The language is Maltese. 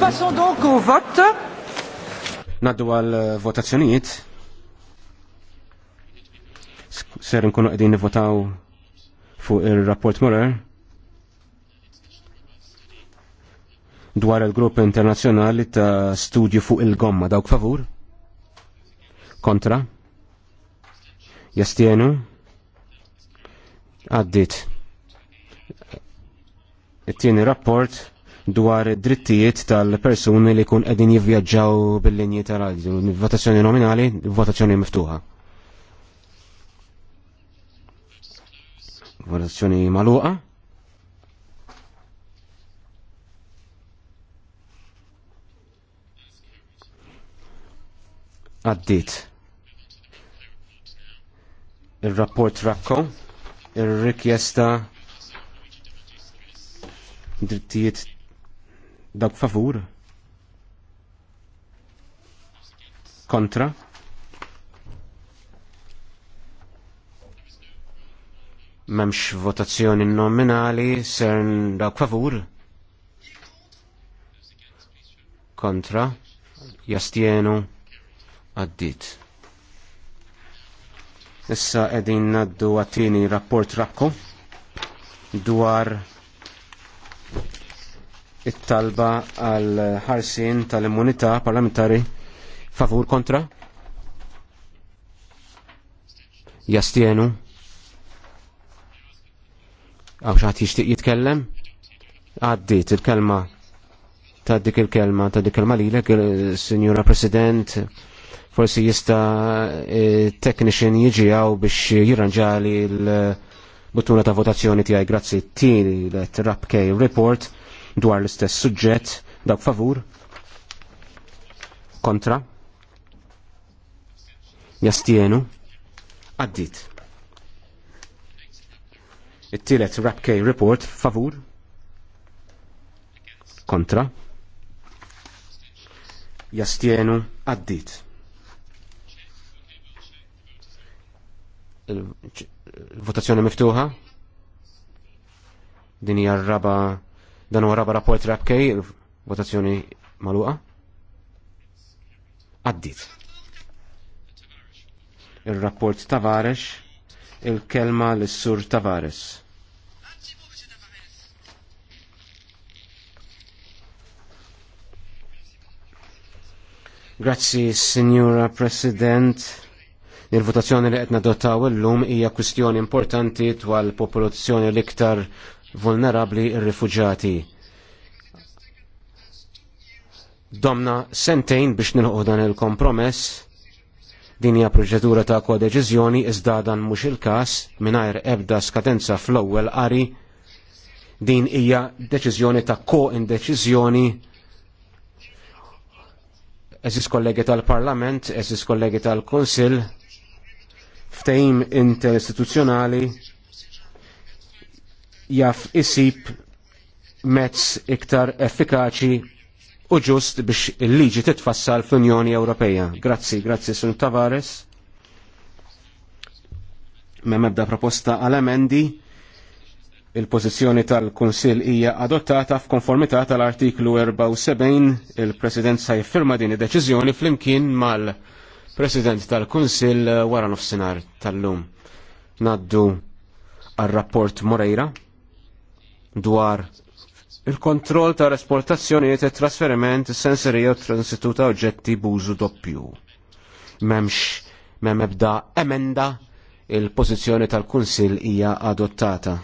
passons donc au vote. Naddu għal eh, votazzjonijiet. Ser nkunu qegħdin nivvotaw fuq ir-rapport Morer dwar il-grupp internazzjonali ta' studju fuq il-gomma dawk favur? Kontra? Jastienu? Għaddit. It-tieni rapport dwar id-drittijiet tal-persuni li kun qegħdin jivvjaġġaw bil-linji tal-radju. Votazzjoni nominali, votazzjoni miftuħa. Votazzjoni maluqa. Għaddit. Il-rapport Rakko, il-rikjesta drittijiet Dak favur? Kontra? Memx votazzjoni nominali, ser dak favur? Kontra? Jastienu? Addit. Issa edin naddu għattini rapport rakku dwar it-talba għal ħarsin tal-immunità parlamentari favur kontra? Jastienu? Għaw xaħat jishtiq jitkellem? Għaddit il-kelma ta' dik il-kelma ta' dik il-kelma li l signora President forsi jista eh, technician jieġi għaw biex jirranġali l-buttuna ta' votazzjoni tijaj grazzi t-tini l-trap report dwar l-istess suġġett dawk favur kontra jastienu għaddit. It-tielet Rapkej Report favur kontra jastienu għaddit. Il-votazzjoni miftuħa din hija r-raba Dan wara rapport rabkej, votazzjoni maluqa. Għaddit. Il-rapport Tavares, il-kelma l-sur Tavares. Grazzi, Signora President. Il-votazzjoni li qed nadottaw illum hija kwistjoni importanti dwar popolazzjoni l-iktar vulnerabli ir-rifuġati. Domna sentejn biex nilħu dan il-kompromess din hija proċedura ta' kodeċiżjoni iżda dan mhux il-każ mingħajr ebda skadenza fl-ewwel qari din hija deċiżjoni ta' ko-indeċiżjoni eżis kollegi tal-Parlament, eżis kollegi tal-Konsil, ftehim interistituzzjonali jaf isib mezz iktar effikaċi u ġust biex il-liġi titfassal fl-Unjoni Ewropeja. Grazzi, grazzi, Sun Tavares. Mem ebda proposta għal-emendi, il-pozizjoni tal-Kunsil hija adottata f'konformità tal-artiklu 74 il-President sa jiffirma din id-deċiżjoni flimkien mal-President tal-Kunsil wara nofsinhar tal-lum. Naddu għal-rapport Moreira dwar il-kontroll ta' esportazzjonijiet e trasferiment sensorija u transitu ta' oġġetti bużu doppju. Memx, mem ebda emenda il-pozizjoni tal-Kunsil hija adottata.